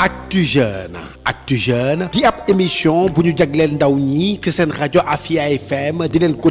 ak tu Jeune Actu Jeune di ab émission bu ñu jagleel ndaw ñii ci seen rajo Afia FM di leen ko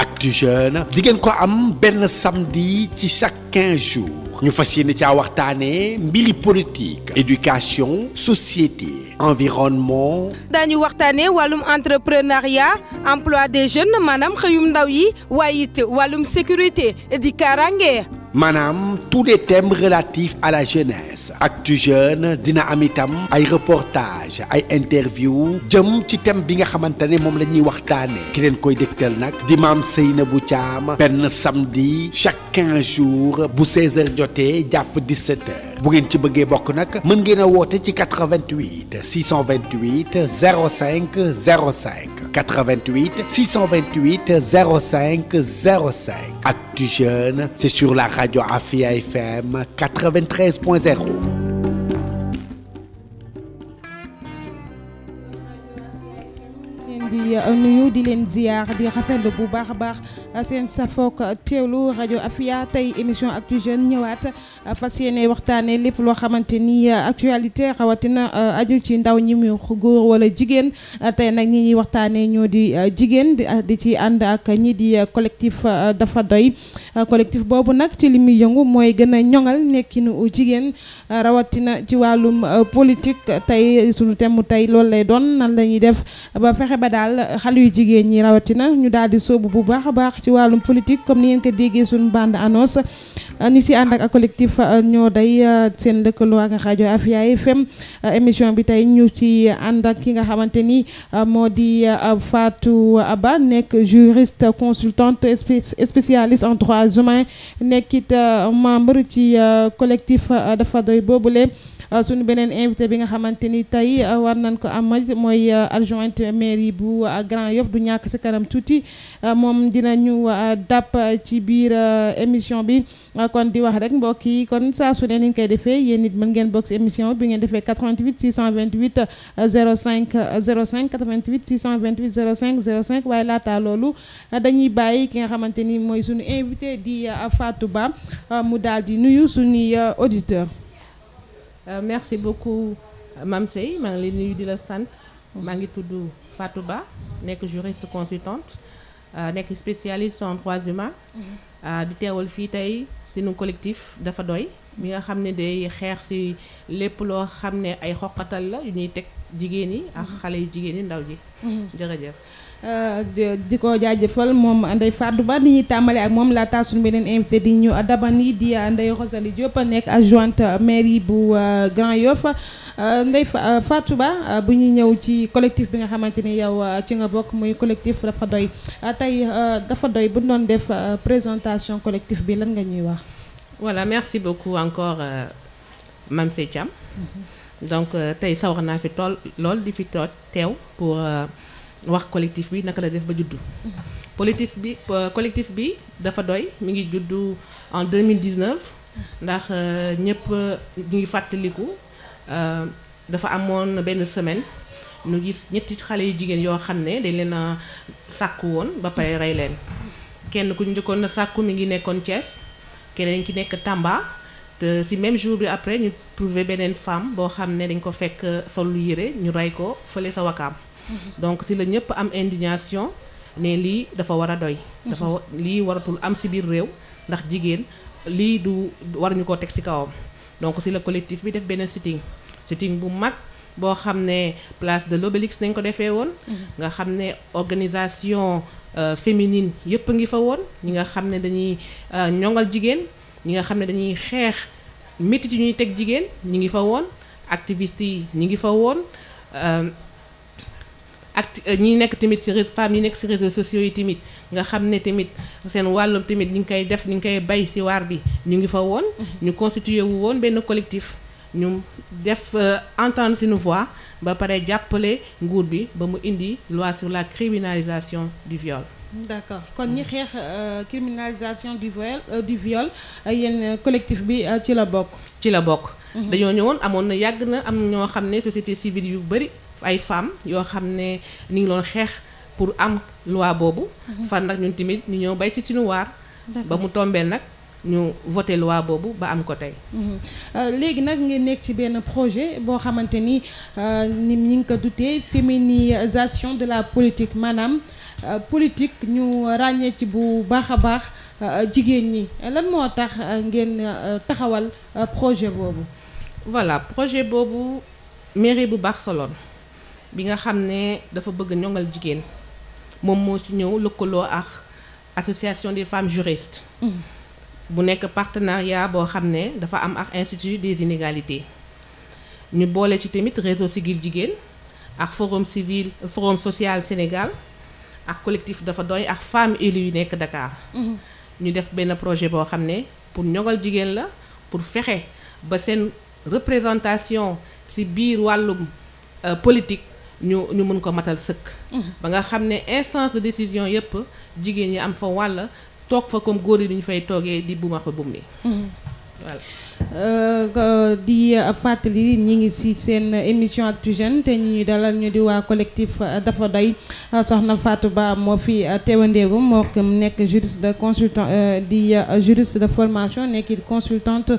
ak tu Jeune di ngeen ko am benn samedi ci chaque quinze jours ñu fas yéene caa waxtaanee mbiri politique éducation société environnement. daañu waxtaanee wàllum entrepreneuriat emploi des jeunes maanaam xëyum ndaw yi waaye it wàllum sécurité di kaaraange. maanaam tous les thèmes relatifs à la jeunesse actu jeune dina am itam ay reportage ay interview jëm ci thème bi nga xamante ne moom la ñuy waxtaane ki leen koy dégtal nag di maam Seynabou Thiam benn samedi chaque quinze jours bu 16h jotee jàpp 17h bu ngeen ci bëggee bokk nag mën ngeen a woote ci 88 628 05 05 88 628 05 05 actu jeune c'est sur la rajo Afia FM 93.0 di euh, nuyu di leen ziar di rafetlu bu baax a baax euh, seen safook euh, teewlu rajo Afia tey émission Actu Jeunes ñëwaat fas yéene waxtaanee lépp loo xamante ni actualité rawatina aju ci ndaw ñi mu góor wala jigéen tey nag ñi ñuy waxtaanee ñoo di jigéen di ci ànd ak ñi di collectif dafa doy collectif boobu nag ci li muy yëngu mooy gën a ñoŋal nekkinu jigéen rawatina ci wàllum politique tey sunu thème tey loolu lay doon nan la def ba fexe ba daal xale yu jigéen ñi rawatina ñu daal di sóobu bu baax a baax ci wàllum politique comme ni ngeen ko déggee suñu bande annonce ñu si ànd ak collectif ñoo day seen lëkkaloo ak rajo Afia FM émission bi tey ñu ci ànd ak ki nga xamante ni moo di faatu Ba nekk juriste consultante spécialiste en droits humains nekkit membre ci collectif dafa doy boobule. Euh, suñu beneen invité bi nga xamante ni tey euh, war nañ ko amal mooy euh, adjointe mairie bu Grand Yoff du ñàkk si kanam tuuti moom dinañu dàpp ci biir émission bi kon di wax rek mbokk yi kon saa su ne ni ñu koy defee yéen nit mën ngeen bokk si émission bi ngeen defee 88 628 05 cent vingt 628 05 05 waaye laataa loolu dañuy bàyyi ki nga xamante ni mooy suñu invité di Fatou Ba mu daal di nuyu suñuy auditeur Euh, merci beaucoup Mame sey maa ngi lay nuyu di la sant maa ngi tudd Fatou Ba nekk juriste consultante euh, nekk spécialiste en droits mm-hmm. euh, di teewal fii tey sunu collectif dafa doy mi nga xam ne day xeex si lépp loo xam ne ay xoqatal la yu ñuy teg jigéen yi ak mm-hmm. xale yu jigéen yi ndaw ji mm-hmm. jërëjëf euh, di ko jaajëfal moom Ndeye Fatou Ba di ñuy tàmbali ak moom laa suñu beneen invité di ñu dabani di euh, Ndeye Rosalie Diop nekk adjointe mairie bu euh, Grand Yoff Ndeye Fatou Ba bu ñuy ñëw ci collectif bi nga xamante ni yow ci nga bokk muy collectif dafa doy tey dafa doy bu ñu def présentation collectif bi lan nga ñuy wax voilà merci beaucoup encore euh, Mame mm-hmm. donc euh, tey sawar naa fi tool lool di fi too teew pour euh, wax collectif bi naka la def ba juddu. Mm-hmm. collectif bi collectif bi dafa doy mu ngi juddu en 2019 ndax euh, ñëpp ñu ngi fàttaliku dafa amoon benn semaine ñu gis ñetti xale yu jigéen yoo xam ne dañ leen a sàkku woon ba pare rey leen kenn ku ñu njëkkoon na sàkku mi ngi nekkoon Thiès. keneen ki nekk Tamba te si même jour bi après ñu trouver beneen femme boo xam ne dañ ko fekk euh, sol yére ñu rey ko fële sa wakaam mhm. donc si la ñëpp am indignation ne lii dafa war a doy dafa mhm. lii waratul am si biir réew ndax jigéen lii du war ñu ko teg si kawam donc si la collectif bi def benn sitting sitting bu mag boo xam ne place de l'Obélisque nañ ko defee woon mm-hmm. nga xam ne organisation euh, féminine yëpp ngi fa woon ñi nga xam ne dañuy euh, ñongal jigéen ñi nga xam ne dañuy xeex métit yi ñuy teg jigéen ñi ngi fa woon activistes yi ñi ngi fa woon euh, act ñi nekk tamit ci femmes yi nekk ci réseaux sociaux yi tamit nga xam ne tamit seen wàllum tamit ñi ngi koy def ñu ngi koy bay ci waar bi ñu ngi fa woon mm-hmm. ñu constitué wu woon benn collectif ñu def euh, entendre sunu voix ba pare jàppale nguur bi ba mu indi loi sur la criminalisation du viol. d'accord kon ñi xeex euh, criminalisation du viol euh, du viol yéen collectif bi ci la bokk. ci la bokk. Mhm. dañoo ñëwoon amoon na yàgg na am ñoo xam ne société civile yu bari ay femmes yoo xam ne ni ngi loon xeex pour am loi boobu. Mhm. fan nag ñun tamit ñu ñëw bay si suñu waar. ba mu tombee nag. ñu voté loi boobu ba am ko tey. Mhm. Euh, léegi nag ngeen nekk ci benn projet boo xamante ni euh, ni ñi ngi ko dutee féminisation de la politique maanaam euh, politique ñu ràññee ci bu baax a baax jigéen ñi lan moo tax ngeen taxawal projet boobu. voilà projet boobu mairie bu baax soloon bi nga xam ne dafa bëgg ñoŋal jigéen moom moo ci ñëw lëkkaloo ak association des femmes juristes. Mhm. bu nekk partenariat boo xam ne dafa am ak institut des inégalités ñu boole ci tamit réseau Siggil Jigéen ak forum civil forum social Sénégal ak collectif dafa doy ak femmes élues yu nekk Dakar. Mhm. ñu def benn projet boo xam ne pour ñogal jigéen la pour fexe ba seen représentation ci biir wàllum euh, politique ñu ñu mën ko matal sëkk. Mhm. ba nga xam ne instance de décision yépp jigéen yi am fa wàll toog fa comme góor yi duñu fay toogee di bu ma ko bum mm-hmm. euh, euh, di euh, fàttali ñi ngi si seen émission Actu Jeunes te ñu dalal ñu di waa collectif dafa doy soxna Fatou Ba moo fi teewandeegu moo nekk juriste de consultant di juriste de formation nekk consultante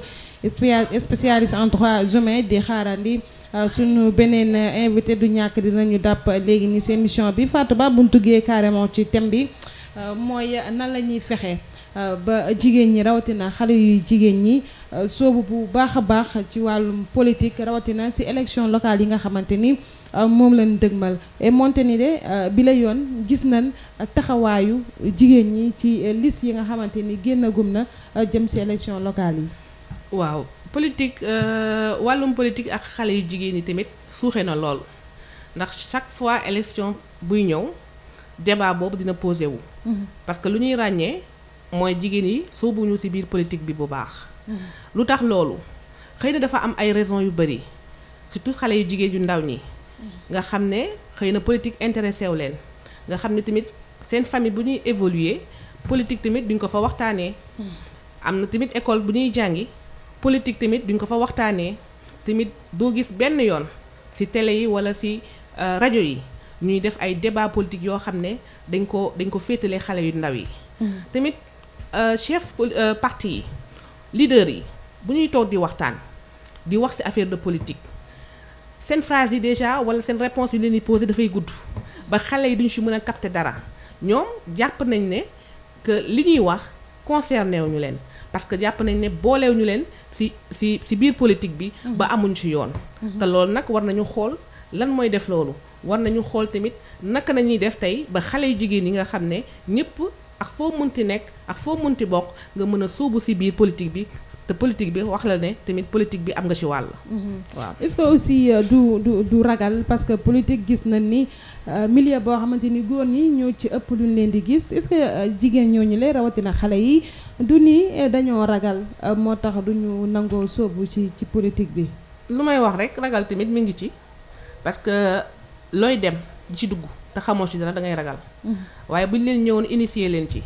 spécialiste en droit humain di xaarandi suñu beneen invité du ñàkk dinañu dàpp léegi ni si mission bi Fatou Ba bu ñu tuggee carrément ci thème bi Euh, mooy nan la ñuy fexe euh, ba jigéen ñi rawatina xale yu jigéen ñi euh, soobu bu baax a baax ci wàllum politique rawatina ci élection locale yi nga xamante ni moom lañ dëgmal et moonte ni de bi la yoon gis nañ taxawaayu jigéen ñi ci liste yi nga xamante ni génnagum na jëm ci élection locale yi. waaw politique wàllum politique ak xale yu jigéen ñi tamit suuxe na lool ndax chaque fois élection buy ñëw. débat boobu dina posé wu. Mm-hmm. parce que lu ñuy ràññee mooy jigéen yi soobuñu ci biir politique bi bu baax. Mm-hmm. lu tax loolu xëy na dafa am ay raisons yu bari surtout xale yu jigéen yu ndaw ñi. Mm-hmm. nga xam ne xëy na politique intéressé wu leen nga xam ne tamit seen famille bu ñuy évoluer politique tamit duñ ko fa waxtaanee. am na tamit école bu ñuy jàngi politique tamit duñ ko fa waxtaanee tamit doo gis benn yoon ci télé yi walla ci euh, rajo yi. ñuy def ay débat politique yoo xam ne dañ ko dañ ko féetale xale yu ndaw yi mm-hmm. tamit euh, chef euh, parti yi leader yi bu ñuy toog di waxtaan di wax ci affaire de politique seen phrase yi déjà walla seen réponse yu leen di posé dafay gudd ba xale yi duñu ci mën a capter dara ñoom jàpp nañ ne que li ñuy wax concerné wu ñu leen parce que jàpp nañ ne booleew ñu leen ci ci ci biir politique bi ba mm-hmm. amuñ ci yoon mm-hmm. te loolu nag war nañu xool lan mooy def loolu war nañu xool tamit naka nañuy def tey ba xale yu jigéen yi nga xam ne ñëpp ak foo munti nekk ak foo munti bokk nga mën a suubu ci biir politique bi te politique bi wax la ne tamit politique bi am nga ci wàll. Mm-hmm. waaw est-ce euh, du du du ragal parce que politique gis nañ ni euh, milieu boo xamante ni góor ñi ñoo ci ëpp luñ leen di gis est-ce que euh, jigéen ñooñu lay rawatina xale yi du ni euh, dañoo ragal euh, moo tax duñu nangoo soobu ci ci politique bi. lu may wax rek ragal tamit mi ngi ci parce looy dem di ci dugg te xamoo ci dara da ngay ragal mm-hmm. waaye buñ leen ñëwoon initier leen ci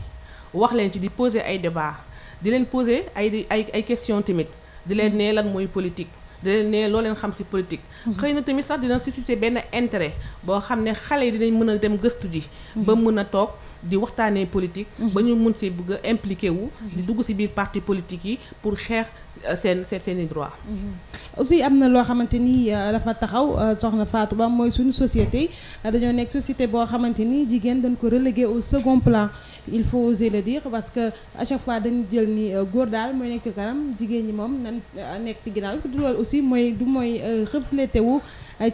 wax leen ci di poser ay débat di leen poser ay ay ay question tamit di leen mm-hmm. nee lan mooy politique di leen nee loo leen xam ci politique mm-hmm. xëy na tamit sax dina susciter benn intérêt boo xam ne xale yi dinañ mën a dem gëstu ji ba mën a toog di waxtaanee politique. Mm-hmm. ba ñu mun si bëgg a wu. di mm-hmm. dugg si biir parti politique yi pour xeex euh, seen seen seen i droit. Mm-hmm. aussi am na loo xamante ni euh, dafa taxaw euh, soxna Fatou Ba mooy suñu société dañoo nekk société boo xamante ni jigéen dañ ko relégué au second plan il faut oser le dire parce que à chaque fois dañu jël ni góor daal mooy nekk ci kanam jigéen ñi moom nañ nekk ci ginnaaw est du loolu aussi mooy du mooy reflété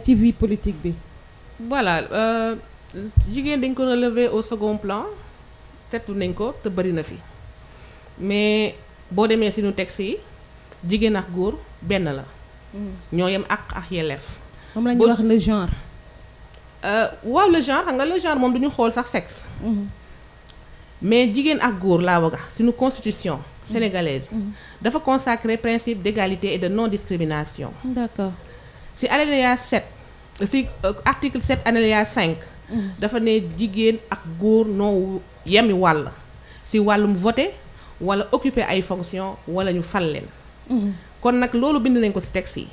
ci vie politique bi. jigéen dañ ko relever au second plan tettu nañ ko te bëri na fi mais boo demee suñu texte si jigéen ak góor benn la. Mm-hmm. ñoo yem ak ak yelleef. moom la ñuy wax le genre. Euh, waaw le nga le genre moom du ñu xool sax sexe. Mm-hmm. mais jigéen ak góor laa wax suñu constitution. Mm-hmm. sénégalaise. dafa consacrer principe d'égalité et de non discrimination. d'accord si alinéa 7 si euh, article 7 alinéa cinq dafa ne jigéen ak góor noo yemi wàll si wàllum voté wala occuper ay fonction wala ñu fal leen kon nag loolu bind nañ ko si texte yi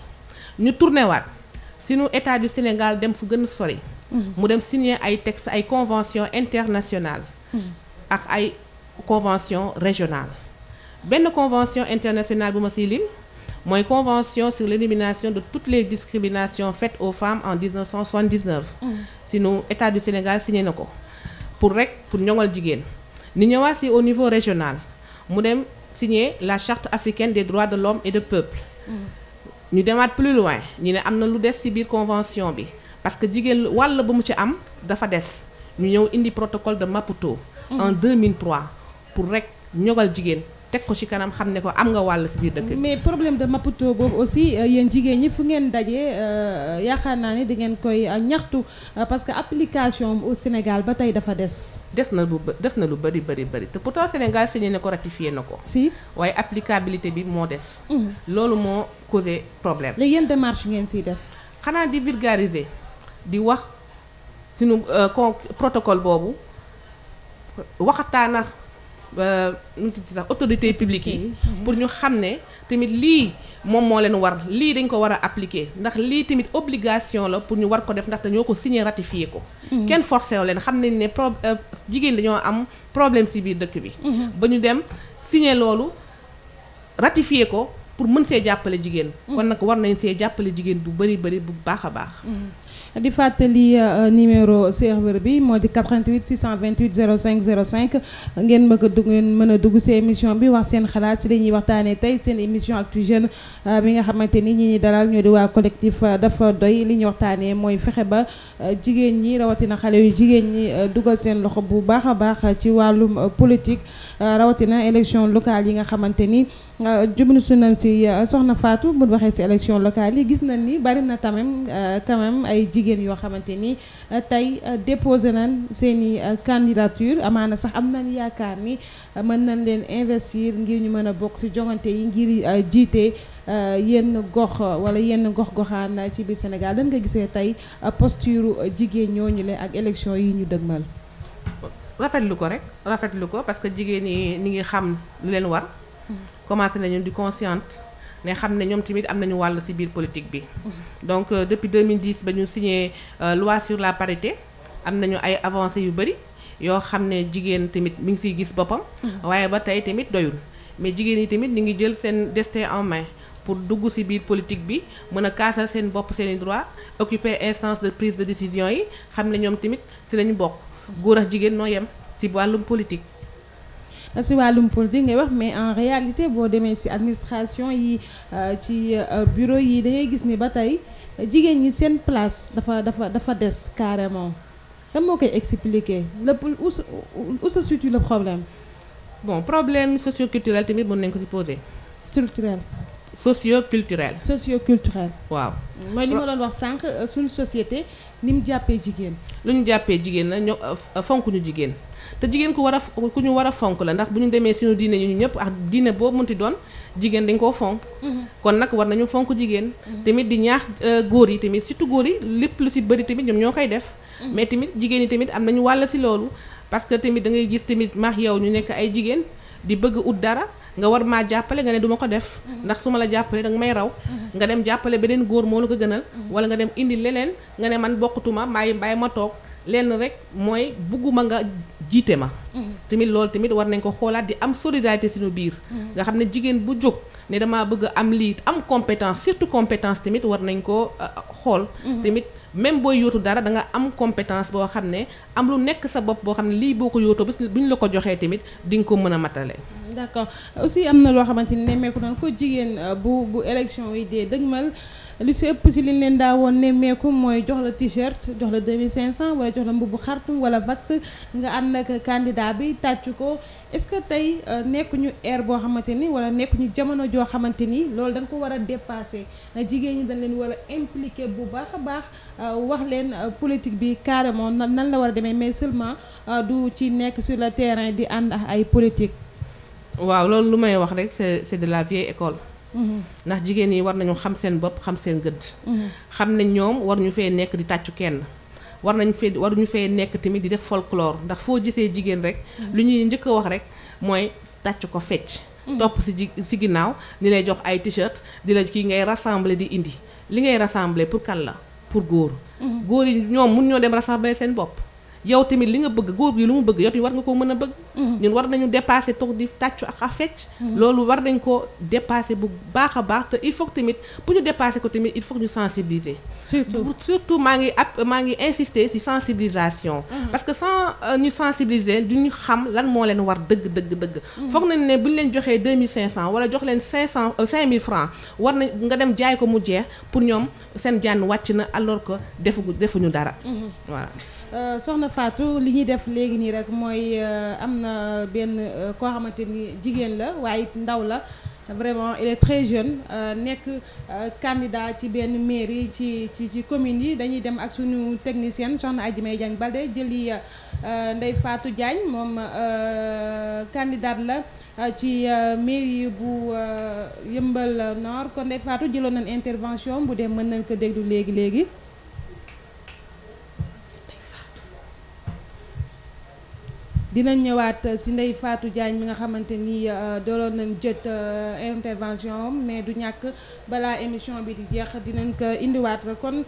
ñu tourné waat sunu état bi Sénégal dem fu gën a sori mu dem signer ay tex ay convention internationale ak ay convention régionale benn convention internationale bu ma siy mooy convention sur l'élimination de toutes les discriminations faites au femmes en 1979 mm. sinu état du Sénégal signé na ko pour rek pour ñoŋal jigéen ni ñëwaat si au niveau régional mu dem signer la charte africaine des droits de l'homme et de peuple mm. ñu demaat plus loin ñu ne am na lu des ci biir convention bi parce que jigéen wàll ba mu ci am dafa des ñu ñëw indi protocole de Maputo mm. en 2003 pour rek ñogal jigéen teg ko ci kanam xam ne ko am nga wàll ci biir dëkk mais problème de Maputo boobu aussi euh, yéen jigéen ñi fu ngeen dajee euh, yaakaar naa ne dangeen koy euh, ñaxtu parce que application Sénégal ba tey dafa des des na lu des na lu bëri bëri bëri te pourtant Sénégal signé ne ko ratifié na ko si waaye applicabilité bi moo des mm-hmm. loolu moo causé problème léegi yéen démarche ngeen siy def xanaa di vulgariser di wax sunu protocole boobu waxataana nu mu tudd sax autorités publiques yi. pour ñu xam ne tamit lii moom moo leen war lii dañ ko war a appliquer ndax lii tamit obligation la pour ñu war ko def ndax dañoo ko signé ratifié ko. Mhm. kenn forcé wu leen xam nañ ne pro euh, jigéen dañoo am problème ci biir dëkk bi. Mhm. ba ñu dem signé loolu ratifié ko pour mën see jàppale jigéen. Mhm. kon nag war nañ see jàppale jigéen bu bari bari bu baax a baax. di fàttali euh, euh, numéro serveur bi moo di 88 628 05 05 ngeen mën a dugg ngeen mën a dugg si émission bi wax seen xalaat si li ñuy waxtaanee tey seen émission Actu Jeunes euh, bi nga xamante ni ñi ñi dalal ñoo di waa collectif dafa doy li ñuy waxtaanee mooy fexe ba jigéen ñi rawatina xale yu jigéen ñi dugal seen loxo bu baax a baax ci wàllu politique rawatina élection locale yi nga xamante ni jublu su nañ si soxna faatu bu waxee si élection locale yi gis nañ ni bari na tamit jigéen yoo xamante ni euh, tey euh, déposé nañ seen i euh, candidature amaana sax am nañ yaakaar ni mën nañ leen investir ngir ñu mën a bokk ci joŋante yi ngir jiite yenn gox wala yenn gox-goxaan ci biir Sénégal lan nga gisee tey posture jigéen ñooñu le ak élection yi ñu dëgmal. rafetlu ko rek rafetlu ko parce que jigéen ñi ñi ngi xam leen war. Hmm. commencé nañu di consciente. ne xam ne ñoom tamit am nañu wàll ci biir politique bi. donc euh, depuis 2010 ba ñu siñee euh, loi sur la parité am nañu ay avancées yu bari yoo xam ne jigéen tamit mi ngi ciy gis boppam. waaye ba tey tamit doyul mais jigéen yi tamit ñu ngi jël seen destin en main. pour dugg ci biir politique bi mën a kaasal seen bopp seen i droit occuper instance de prise de décision yi xam ne ñoom tamit ci nañu bokk góor ak jigéen noo yem ci wàllum politique Euh, si wàllum politique ngay wax mais en réalité boo demee ci administration yi euh, ci euh, bureau yi da ngay gis ni ba tey jigéen ñi seen place dafa dafa dafa des carrément dama moo koy expliquer le où se où se situe le problème. bon problème socioculturel tamit mën nañ ko ci poser. structurel. socioculturel. socioculturel. waaw. mooy li ma doon wax sànq suñu société ni mu jàppee jigéen. lu ñu jàppee jigéen la ñoo fonkuñu jigéen. te jigéen ku war a ku ñu war a fonk la ndax bu ñu demee sunu diine ñu ñëpp ak diine boo mënti doon jigéen dañ koo fonk mhm. kon nag war nañu fonk jigéen mhm. tamit di ñaax euh, góor yi tamit surtout góor yi lépp lu ci bëri tamit ñoom ñoo koy def mhm. mais tamit jigéen yi tamit am nañu wàll si loolu parce que tamit da ngay gis tamit maax yow ñu nekk ay jigéen di bëgg ut dara nga war maa jàppale nga ne duma ko def ndax suma la jàppale danga may raw nga dem jàppale beneen góor moo la ko gënal wala nga dem indi leneen nga ne man bokkatuma maay bàyyi ma toog lenn rek mooy bugguma nga jiite ma mm-hmm. tamit loolu tamit war nañ ko xoolaat di am solidarité suñu biir mm-hmm. nga xam ne jigéen bu jóg ne damaa bëgg am lii am compétence surtout compétence tamit war nañ ko euh, xool mm-hmm. tamit même booy yootu dara da nga am compétence boo xam ne am lu nekk sa bopp boo xam ne lii boo ko yootoo bis bu ñu la ko joxee tamit di nga ko mën a matale d'accord aussi am na loo xamante ni nemmeeku nañ ko jigéen euh, bu bu élection yi dee dëgmal lu si ëpp si liñ leen daawoon nemmeeku mooy jox la t-shirt jox la 2500 wala jox la mbubu xartum wala vax nga ànd ak candidat bi tàccu ko est-ce que tey euh, nekk ñu air boo xamante ni wala nekk ñu jamono joo xamante ni loolu dañ ko war a dépasé jigéen ñi dañ leen war a impliquer bu baax a baax euh, wax leen politique bi carrément nan la war a demee mais seulement du ci nekk sur le terrain di ànd ak ay politique waaw loolu lu may wax rek c'est c'est de la vieille école. Mm-hmm. ndax jigéen ñi war nañu xam seen bopp xam seen gëdd. Mm-hmm. xam ne ñoom war ñu fee nekk di tàccu kenn. war nañu fee war ñu fee nekk tamit di def folklore ndax foo gisee jigéen rek. Mm-hmm. lu ñuy njëkk a wax rek mooy tàcc ko fecc. topp si ji si ginnaaw di lay jox ay t-shirt di la kii ngay rassembler di indi li ngay rassembler pour kan la pour góor. góor yi ñoom mun ñoo dem rassembler seen bopp. yow tamit li nga bëgg góor gi lu mu bëgg yow tamit war nga ko mën a bëgg mm-hmm. ñun war nañu dépasser toog di tàccu ak a fecc mm-hmm. loolu war nañ ko dépasser bu baax a baax te il faut que tamit bu ñu dépasser ko tamit il faut ñu sensibiliser surtout surtout maa ngi ab maa ngi insister ci sensibilisation mm-hmm. parce que sans euh, ñu sensibiliser du ñu xam lan moo leen war dëgg dëgg dëgg foog nañ ne bu ñu leen joxee deux mille cinq cent wala jox leen cinq cent euh, cinq mille francs war nañ nga dem jaay ko mu jeex pour ñoom seen jànn wàcc na alors que defu defuñu dara euh, Fatou li ñuy def léegi nii rek mooy euh, am na benn euh, koo xamante ni jigéen la waaye ndaw la vraiment il est très jeune euh, nekk candidat ci benn mairie ci ci ci commune yi dañuy dem ak suñu technicienne soxna Adji May Diagne Balde jëli Ndeye faatu Diagne moom candidate la ci mairie bu Yëmbal Nord kon Ndeye Fatou jëloon nañ intervention bu dee mën nañ ko déglu léegi léegi. dinañ ñëwaat euh, si ndey faatu Diagne mi nga xamante ni euh, dooloon nañ jot euh, intervention mais du ñàkk balaa émission bi di jeex dinañ ko indiwaat kon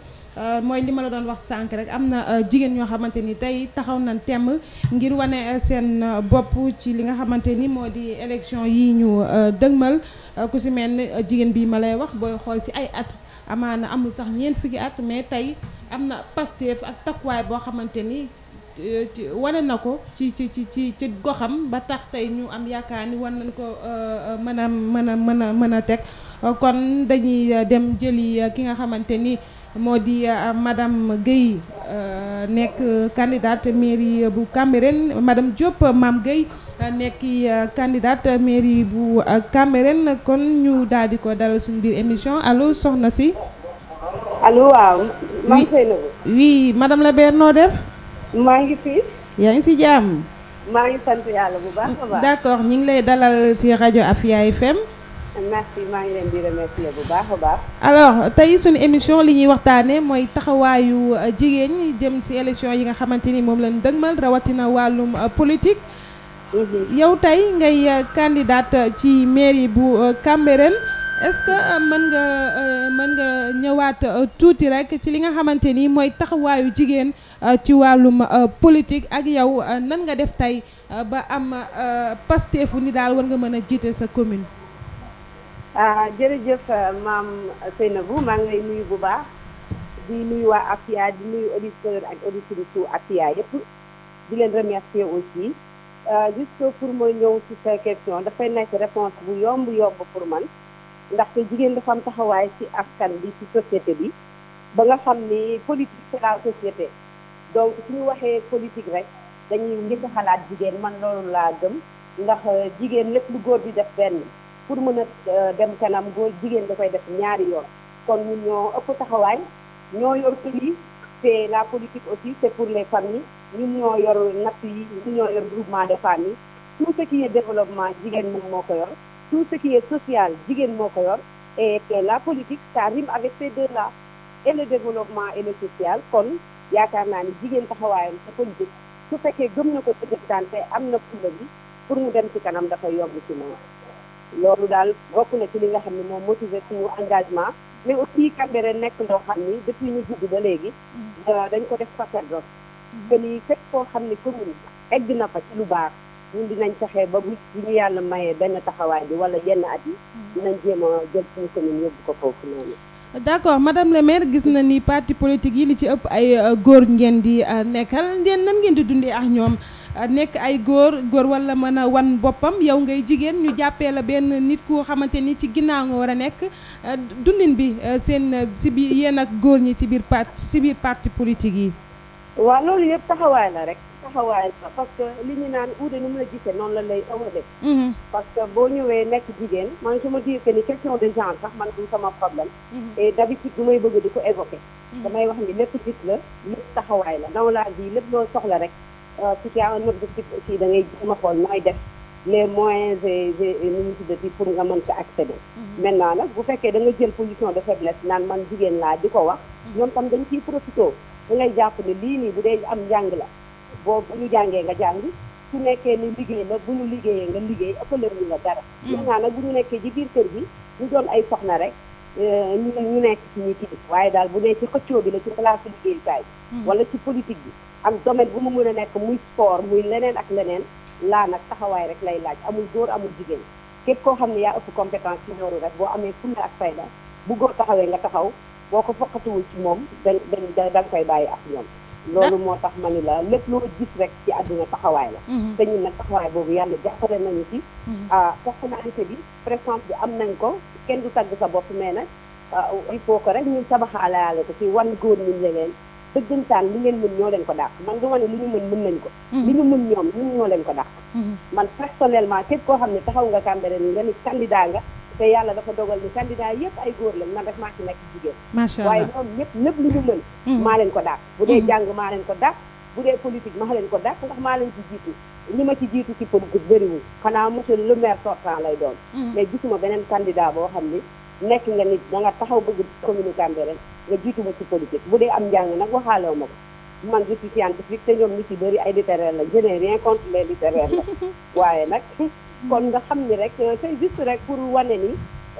mooy li ma la doon wax sànq rek am na jigéen ñoo xamante ni tey taxaw nañ temm ngir wane seen bopp ci li nga xamante ni moo di élection yi ñu dëgmal ku si mel jigéen bi ma lay wax booy xool ci ay at amaana amul sax ñeent fukki at mais tey am na Pastef ak takkuwaay boo xamante ni wane na ko ci ci ci ci ci goxam ba tax tey ñu am yaakaar ni wan nañ ko euh, euh, mën a mën a mën a mën a teg kon dañuy euh, dem jëli ki nga xamante ni moo di madame Guèye nekk candidate mairie bu Cambérène madame Diop Mame Guèye nekki candidate mairie bu Cambérène kon ñu daal di ko dalal suñu biir émission allo soxna si. allo waaw. oui madame Labert noo def. maa ngi fi. yaa ngi si jàmm. maa ngi sant yàlla bu baax a baax. d'accord ñu ngi lay dalal si rajo Afia FM. merci maa ngi leen di bu baax a baax. tey suñu émission li ñuy waxtaanee mooy taxawaayu euh, jigéen ñi jëm si élection yi nga xamante ni moom lañu dëgmal rawatina wàllum euh, politique. Mhm. yow tey ngay euh, candidate ci mairie bu Cambérène. est-ce que euh, mën nga euh, mën nga ñëwaat euh, tuuti rek ci li nga xamante nii mooy taxawaayu jigéen ci wàllum politique ak yow nan nga def tey ba am pasteefu ni daal war nga mën a jiite sa commune. Ah, jërëjëf maam Seynabou maa ngi lay nuyu bu baax di nuyu waa AFIA di nuyu auditeur ak auditrice u AFIA yëpp di leen remercier aussi juste pour ma ñëw ci sa question dafay nekk réponse bu yomb yomb pour man. ndaxte jigéen dafa am taxawaay ci askan bi ci société bi ba nga xam ni politique c'est la société donc suñu waxee politique rek dañuy njëkk a xalaat jigéen man loolu laa gëm ndax euh, jigéen lépp lu góor di def benn pour mën a euh, dem kanam góor jigéen da koy def ñaari yoon kon ñun ñoo ëpp taxawaay ñoo yor kër yi te la politique aussi c'est pour les familles ñu ñoo yor natt yi ñun ñoo yor groupement de famille su ce qui est développement jigéen moom moo ko yor tout ce qui social jigéen moo ko yor et la politique ça rime avec ces deux-là et le développement et le social kon yaakaar naa ni jigéen taxawaayam sa politique su fekkee gëm na ko dëggantaan te am na fulla bi pour mu dem ci kanam dafay yomb ci moom loolu daal bokk na ci li nga xam ni moom motiver suñu engagement mais aussi Cambérène nekk loo xam ni depuis ñu judd ba léegi mm-hmm. euh, dañ ko def sacerdoce que ni fépp koo xam ne commune egg na fa ci lu baax ñun dinañ fexe ba bu ñu yàlla mayee benn taxawaay bi wala yenn at yi dinañ jéem a jël suñu commune yóbbu ko foofu noonu d' accord madame le maire gis na ni parti politique yi li ci ëpp ay euh, góor ngeen di euh, nekkal ngeen nan ngeen di dundee ak ñoom euh, nekk ay góor góor wala mën a wan boppam yow ngay jigéen ñu jàppee la benn nit ku xamante ni ci ginnaaw nga war a nekk dundin bi seen ci biir yéen ak góor ñi ci biir parti ci biir parti politique yi waaw loolu yëpp taxawaay la rek taxawaay parce que li ñu naan uude nu mu la gisee noonu la lay ëwale mhm. parce que boo ñëwee nekk jigéen man je me dis ni question de genre sax man du sama problème mhm. et d'habitude du may bëgg di ko évoquer mhm. damay wax ni lépp gis la lépp taxawaay la dans la vie lépp loo soxla rek euh, si tu as un objectif aussi da ngay jéem a xool nooy def les moyens et nu mu tuddati pour nga man ko accéder maintenant nag bu fekkee da nga jël position de faiblesse naan man jigéen laa di ko wax ñoom tam dañ ciy profité da ngay jàpp ne lii nii bu dee am njàng la boo bu ñu jàngee nga jàng su nekkee ni liggéey la bu ñu liggéeyee nga liggéey ëppalewuñ la dara gis mm. naa nag bu ñu nekkee ci biir kër gi ñu doon ay soxna rek euh, ñu ñu nekk ci ñuy kii waaye daal bu nee ci xëccoo bi la ci place liggéeyukaay mm. wala ci politique bi am domaine bu mu mën a nekk muy sport muy leneen ak leneen laa nag taxawaay rek lay laaj amul góor amul jigéen képp koo xam ne yaa ëpp compétence ci loolu rek boo amee fulla ak fayda bu góor taxawee nga taxaw boo ko foqatuwul ci moom da da nga koy bàyyi ak ñoom loolu moo tax ma ni la lépp loo rek ci àdduna taxawaay la mhm. te ñun nag taxawaay boobu yàlla jàppale nañu ci mhm. ah, personnalité bi présence bi am nañ ko kenn du tagg sa bopp mais nag ah, il faut que rek ñun tabaxaalaale ko ci wan góor ñun leneen dëggantaan li ngeen mën ñoo leen ko dàq man du ma ne li ñu mën mën nañ ko mm-hmm. li ñu mën ñoom ñun ñoo leen ko dàq mm-hmm. man personnellement képp koo xam ne taxaw nga Cambérène nga ni candidat nga te yàlla dafa dogal ni candidat yëpp ay góor lañ man rek maa ci nekk jigéen macha allah waaye ñoom ñëpp ñëpp lu ñu mën mm-hmm. maa leen ko dàq bu dee jàng maa leen ko dàq bu dee politique maa leen ko dàq ndax maa leen ci jiitu ñi ma ci jiitu ci politique bëriwul xanaa monsieur le maire sortant lay doon mais gisuma beneen candidat boo xam ni nekk nga nit da nga taxaw bëgg commune Cambérène nga jiitu ma ci politique bu dee am njàng nag waxaalew ma ko man je suis scientifique te ñoom ñu ci bëri ay littéraire la je n'ai rien contre les littéraires la waaye nag kon nga xam ni rek euh, c'est juste rek pour wane ni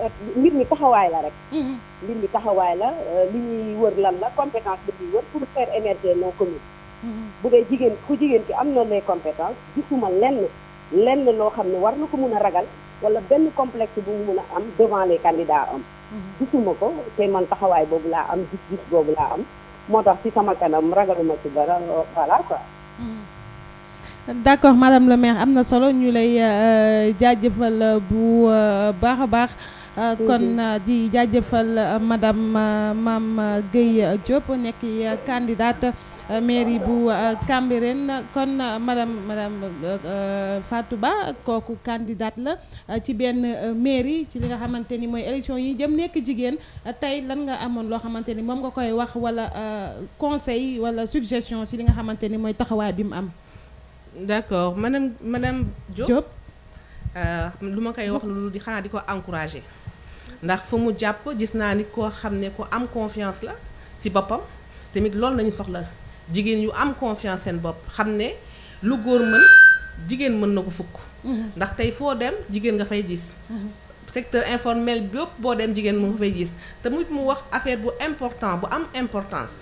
euh, mbir mi taxawaay la rek mhm. mbir mi taxawaay la euh, li ñuy wër lan la compétence la ñuy wër pour faire émerger nos communes mhm. bu dee jigéen ku jigéen ki am na les compétences gisuma lenn lenn loo xam ne war na ko mun a ragal wala benn complexe bu mu mun a am devant les candidats am mhm. gisuma ko te man taxawaay boobu laa am gis-gis boobu laa am moo tax ci sama kanam ragaluma ci dara voilà quoi mhm. d'accord madame le maire am na solo ñu lay euh, jaajëfal bu euh, baax a baax euh, mhm. kon di jaajëfal madame Mame Gueye Diop nekk candidate Euh, mairie bu euh, Cambérène kon euh, madame madame Fatou Ba kooku candidate la ci benn mairie ci li nga xamante ni mooy élection yi jëm nekk jigéen tey lan nga amoon loo xamante ni moom nga koy wax wala conseil wala suggestion ci li nga xamante ni mooy taxawaay bi mu am. d'accord madame madame Diop lu ma koy wax lu di xanaa di ko encourager ndax fu mu jàpp gis naa ni koo xam ne ko am confiance la ci boppam tamit loolu nañu soxla. jigéen ñu am confiance seen bopp xam ne lu góor mën jigéen mën na ko fukk mhm. ndax tey foo dem jigéen nga fay gis mhm. secteur informel bi boo dem jigéen mu nga fay gis te mu mu wax affaire bu important bu am importance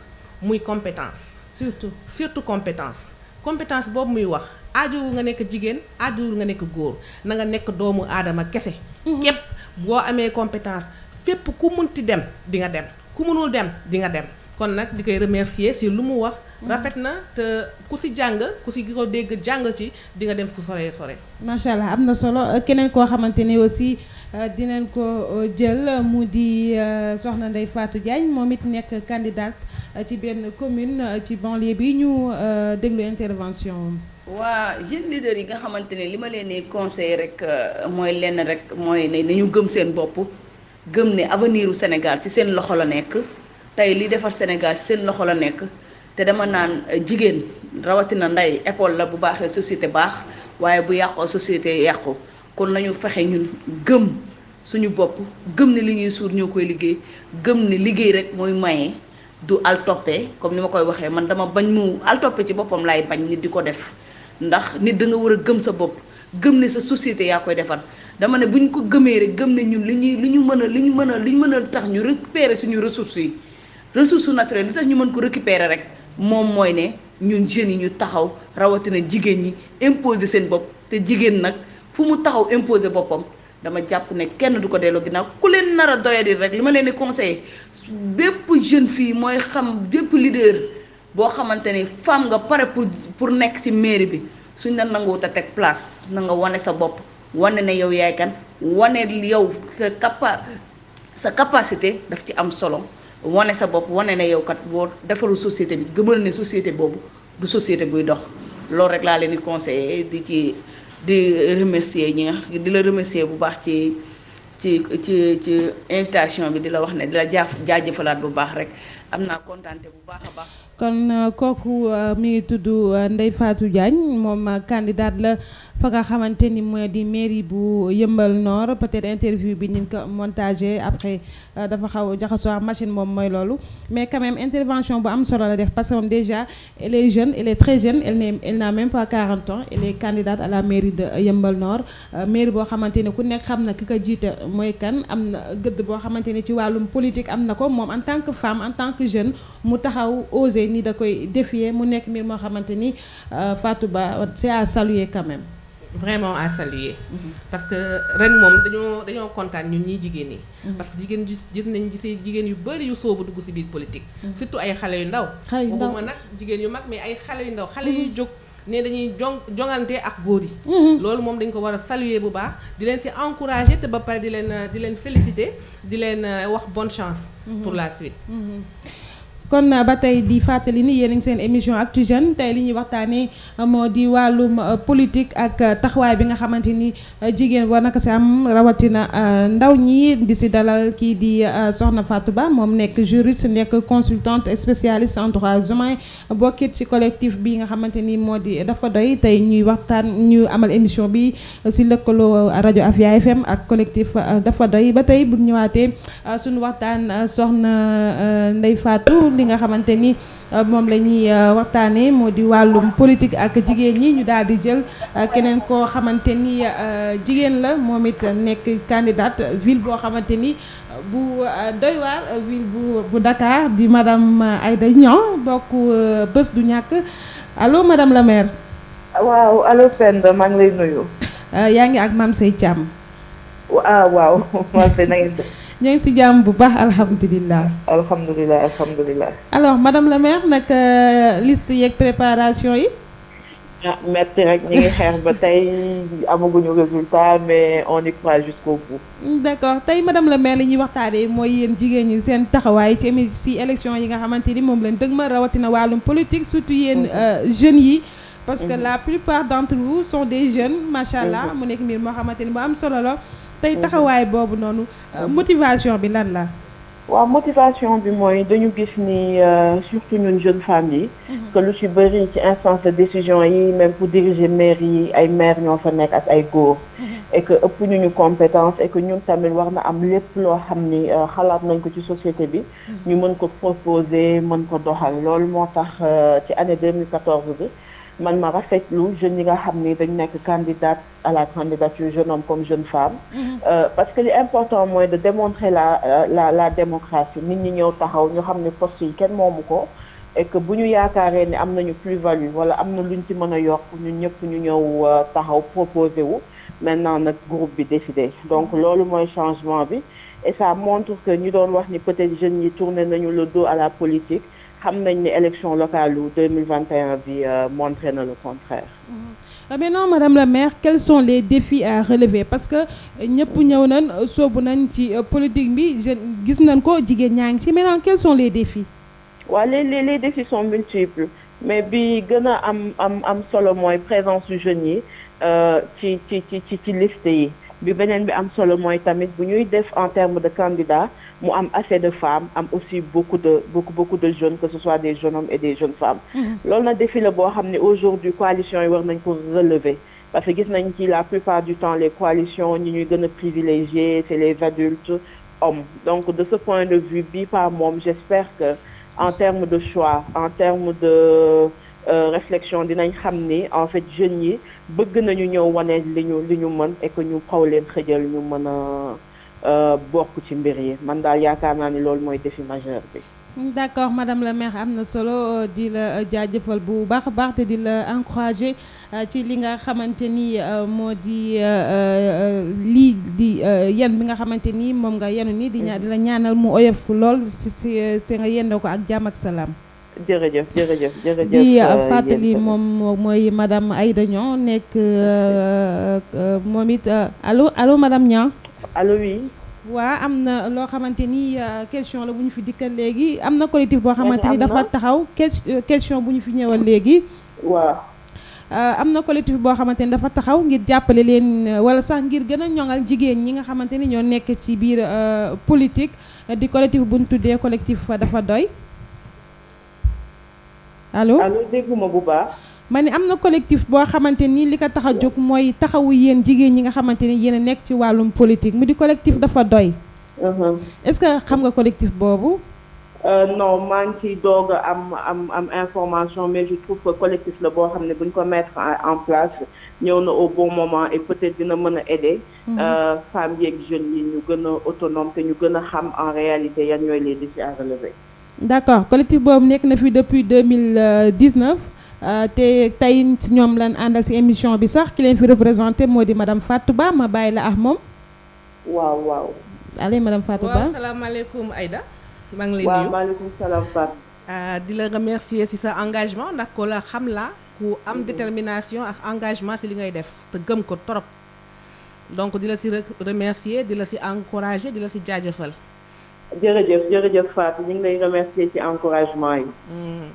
muy compétence surtout surtout compétence compétence boobu muy wax aajowul nga nekk jigéen aajowul nga nekk góor na nga nekk doomu aadama kese mhm. képp boo amee compétence fépp ku mun ti dem di nga dem ku mënul dem di nga dem kon nag di koy remercier si lu mu wax rafet na te ku si jàng ku si ko dégg jàng ci di nga dem fu sore sore macha allah am na solo euh, keneen koo xamante ne aussi euh, dinañ ko euh, jël mu di soxna ndey faatu Diagne moom it nekk candidate ci benn commune ci banlieue bi ñu déglu intervention waa jeune lider yi nga xamante ne li ma leen di conseil rek mooy lenn rek mooy ne nañu gëm seen bopp gëm ne avenir Sénégal ci seen loxo la nekk tey li defar Sénégal ci seen loxo la nekk te dama naan euh, jigéen rawatina ndey école la bu baaxee société baax waaye bu yàqoo société yàqu kon nañu fexe ñun gëm suñu bopp gëm ni li ñuy suur ñoo koy liggéey gëm ni liggéey rek mooy maye du al toppee comme ni ma koy waxee man dama bañ mu al toppee ci boppam laay bañ nit di ko def ndax nit da nga war a gëm sa bopp gëm ne sa société yaa koy defar dama ne bu ñu ko gëmee rek gëm ne ñun li ñuy li ñu mën a li ñu mën a li ñu mën a tax ñu récupérer suñu ressources yi ressources naturelles ñu mën ko récupérer rek moom mooy ne ñun jeunes yi ñu taxaw rawatina jigéen ñi imposer seen bopp te jigéen nag fu mu taxaw imposer boppam dama jàpp ne kenn du ko delloo ginnaaw ku leen nar a doyadi rek li ma leen di bépp jeune fii mooy xam bépp leader boo xamante ni femme nga pare pour pour nekk ci mairie bi suñ la nanguwut a teg place na nga wane sa bopp wane ne yow yaay kan wane yow sa sa capacité daf ci am solo. wane sa bopp wane na yow kat boo defaru société bi gëmal ne société boobu du société buy dox loolu rek laa leen di conseiller di ci di remercier ñi nga di la remercier bu baax ci ci ci ci invitation bi di la wax ne di la jaaf jaajëfalaat bu baax rek am naa kontaante bu baax a baax. kon kooku mi ngi tudd Ndeye Fatou Diagne moom candidate la. fa nga xamante ni mooy di mairie bu yëmbal noor peut-être interview bi ni ñu ko montagé après euh, dafa xaw jaxasoo ak machine moom mooy loolu mais quand même intervention bu am solo la def parce que moom déjà elle est jeune elle est très jeune elle n'a même pas 40 ans elle candidate à la mairie de Yeumbeul Nord euh, mairie boo xamante ni ku nekk xam na ki ko jiita mooy kan am na gëdd boo xamante ni ci wàllum politique am na ko moom en tant que femme en tant que jeune mu taxaw osé ni da koy défier mu nekk mbir moo xamante ni euh, Fatou Ba c'est à saluer vraiment à saluer. Mm-hmm. parce que ren moom dañoo dañoo kontaan ñu ñii jigéen ñi. Mm-hmm. parce que jigéen ji gis nañ gisee jigéen yu bëri yu soobu dugg ci biir politique. Mm-hmm. surtout ay xale yu ndaw. xale yu ndaw nag jigéen yu mag mais ay xale yu ndaw xale yu jóg. ne dañuy jong jongante ak góor yi. loolu moom dañ ko war a saluer bu baax di leen ci encourager te ba pare di leen di leen féliciter di leen euh, wax bonne chance. pour la suite. kon euh, ba tey di fàttali ni yéen a seen émission ak Jeunes tey li ñuy waxtaanee euh, moo di wàllu euh, politique ak taxawaay bi nga xamante ni jigéen war naka si am rawatina ndaw ñi di si dalal kii di Soxna Fatou Ba moom nekk juriste nekk consultante spécialiste en droits humains bokkit ci collectif bi nga xamante ni moo di dafa doy tey ñuy waxtaan ñu amal émission bi si lëkkaloo rajo Afia FM ak collectif dafa doy ba tey bu ñëwaatee suñu waxtaan soxna Ndeye Fatou. li nga xamante ni euh, moom la ñuy euh, waxtaanee moo di wàllum politique ak jigéen ñi ñu daal di jël euh, keneen koo xamante ni jigéen la moom it nekk candidate ville boo xamante ni bu doy waar ville bu bu di madame Aïda Niang bokk bés du ñàkk allo madame la maire. waaw allo Penda maa ngi lay nuyu. yaa ngi ak maam Sey Thiam. Ah, ñu ngi ci jàmm bu baax alhamdulilah. alhamdulilah alhamdulilah. alors madame la maire nag euh, liste yeeg préparation yi. ah metti rek ñu ngi xeex ba tey amaguñu résultat mais on y croit jusqu'au bout. d'accord tey madame la maire li ñuy waxtaanee mooy yéen jigéen ñi seen taxawaay ci émi si élection yi nga xamante ni moom lañ dëgg ma rawatina wàllum politique surtout yéen mm-hmm. euh, jeunes yi. parce que mm-hmm. la plupart d'entre vous son des jeunes. macha allah mm-hmm. mu nekk mbir moo xamante ni bu am solo la. tey taxawaay boobu noonu euh, motivation bi lan la waaw motivation bi mooy dañu gis ni euh, surtout ñun jeunes femmes yi mhm. que lu si bëri ci instance de décision yi même pour diriger maire yi ay maire ñoo fa nekk ak ay góor mhm. et que ëpp ñu ñu compétence et que ñun tamit war na am lépp loo xam ni euh, xalaat nañ ko ci société bi mhm. ñu mën ko proposer mën ko doxal loolu moo tax ci année 2014 bi man ma rafetlu jeunes yi nga xam ni dañu nekk candidate à la candidature jeune homme comme jeune femme. Mm-hmm. Euh, parce que li important mooy de démontrer la euh, la la démocratie nit ñi ñëw taxaw ñu xam ni poste yi kenn moomu ko. et que bu ñu yaakaaree ni am nañu plus value wala am na luñ ci mën a yokk ñun ñëpp ñu ñëw euh, taxaw proposé wu maintenant nag groupe bi décidé donc mm-hmm. loolu mooy changement bi e ça montre que ñu doon wax ni peut-être jeunes yi tourné nañu le dos à la politique. xam nañ ne élection locale lu 2021 bi euh, montré na le contraire. Euh, maintenant madame la maire quels sont les défis à relever parce que euh, ñëpp ñëw nañ soobu nañ ci politique bi je gis nañ ko jigéen ñaa ngi ci maintenant quels sont les défis. waaw les les les défis sont multiples mais bi gën a am am am solo mooy présence du jeune yi ci ci ci ci liste yi bi beneen bi am solo mooy tamit bu ñuy def en terme de candidat. mu am assez de femmes am aussi beaucoup de beaucoup beaucoup de jeunes que ce soit des jeunes hommes et des jeunes femmes mm-hmm. loolu na défi la boo xam ne aujourd'hui coalition yi war nañ ko relever parce que gis nañ ci la plupart du temps les coalitions ñi ñuy gën a privilégié c'est les adultes hommes donc de ce point de vue bi par moom j'espère que en termes de choix en termes de euh, réflexion dinañ xam ni en fait jeunes yi bëgg nañu ñëw wane li ñu li ñu mën et que ñu xaw leen xëjal ñu mën a Euh, bokk ci mbir yi man daal yaakaar naa ni loolu mooy défi majeur bi. d'accord madame la maire am na solo di la jaajëfal bu baax a baax te di la encourager euh, ci li nga xamante ni euh, moo di lii di yen bi nga xamante ni moom nga yenn ni di di la ñaanal mu oyof lool si si si nga yendoo ko ak jàmm ak salaam. jërëjëf jërëjëf jërëjëf di fàttali moom mooy madame ay dañoo nekk moom it allo allo madame Niang. allo oui. waa am na loo xamante ni euh, question la bu ñu fi dikkal léegi am na collectif boo xamante ni dafa taxaw euh, question bu ñu fi ñëwal léegi. waaw. Euh, am na collectif boo xamante ni dafa taxaw ngir jàppale leen wala sax ngir gën a ñoŋal jigéen ñi nga xamante ni ñoo nekk ci biir politique di collectif bu ñu tuddee fa dafa doy allo allo dégguma bu baax. ma ni am na collectif boo xamante nii li ko tax a jóg mooy taxawu yéen jigéen ñi nga xamante ni yéen a nekk ci wàllum politique mu di collectif dafa doy. Mhm. est-ce que xam nga collectif boobu. Euh, non maa ngi doog am am am information mais je trouve que collectif la boo xam ne bu ñu ko mettre en place ñëw na au bon moment et peut-être dina mën a aider. Mhm. Euh, femmes yeeg jeunes yi ñu gën a autonome te ñu gën a xam en réalité yan ñooy les défis à relever. d'accord collectif boobu nekk na fi depuis deux mille euh, dix-neuf Euh, te tey ñoom lan àndal si émission bi sax ki leen fi représenté moo di madame Fatou Ba ma bàyyi la ak moom. waaw waaw. allez madame Fatou Ba waaw salaamaaleykum Aïda. maa ngi euh, di la remercier si sa engagement ndax ko la xam la ku am mm-hmm. détermination ak engagement si li ngay def te gëm ko trop. donc di la si remercier di la si encourager di la si jaajëfal. jërëjëf jërëjëf Fatou ñu ngi lay remercier ci encouragement yi. Mm-hmm.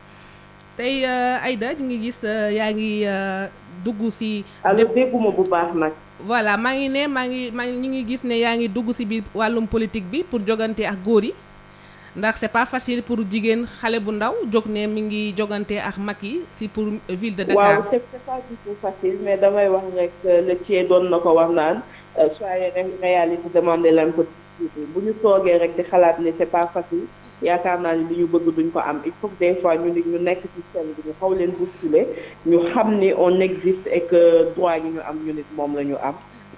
tey euh, Aïda ñu ngi gis euh, yaa ngi euh, dugg si. allo dégguma bu baax nag. voilà maa ngi ne maa ngi maa ngi ñu ngi gis ne yaa ngi dugg si biir wàllum politique bi pour jogante ak góor yi ndax c'est pas facile pour jigéen xale bu ndaw jóg ne mi ngi jogante ak mag yi si pour ville de Dakar. waaw c'est mais damay wax rek le cee doon na ko wax naan soyez réaliste demandez leen ko bu ñu toogee rek di xalaat ne c'est facile. yaakaar naa ni li ñu bëgg duñ ko am il faut que des fois ñu ñu nekk ci seen bi ñu xaw leen bousculer ñu xam ni on existe e que droit yi ñu am ñu nit moom la ñu am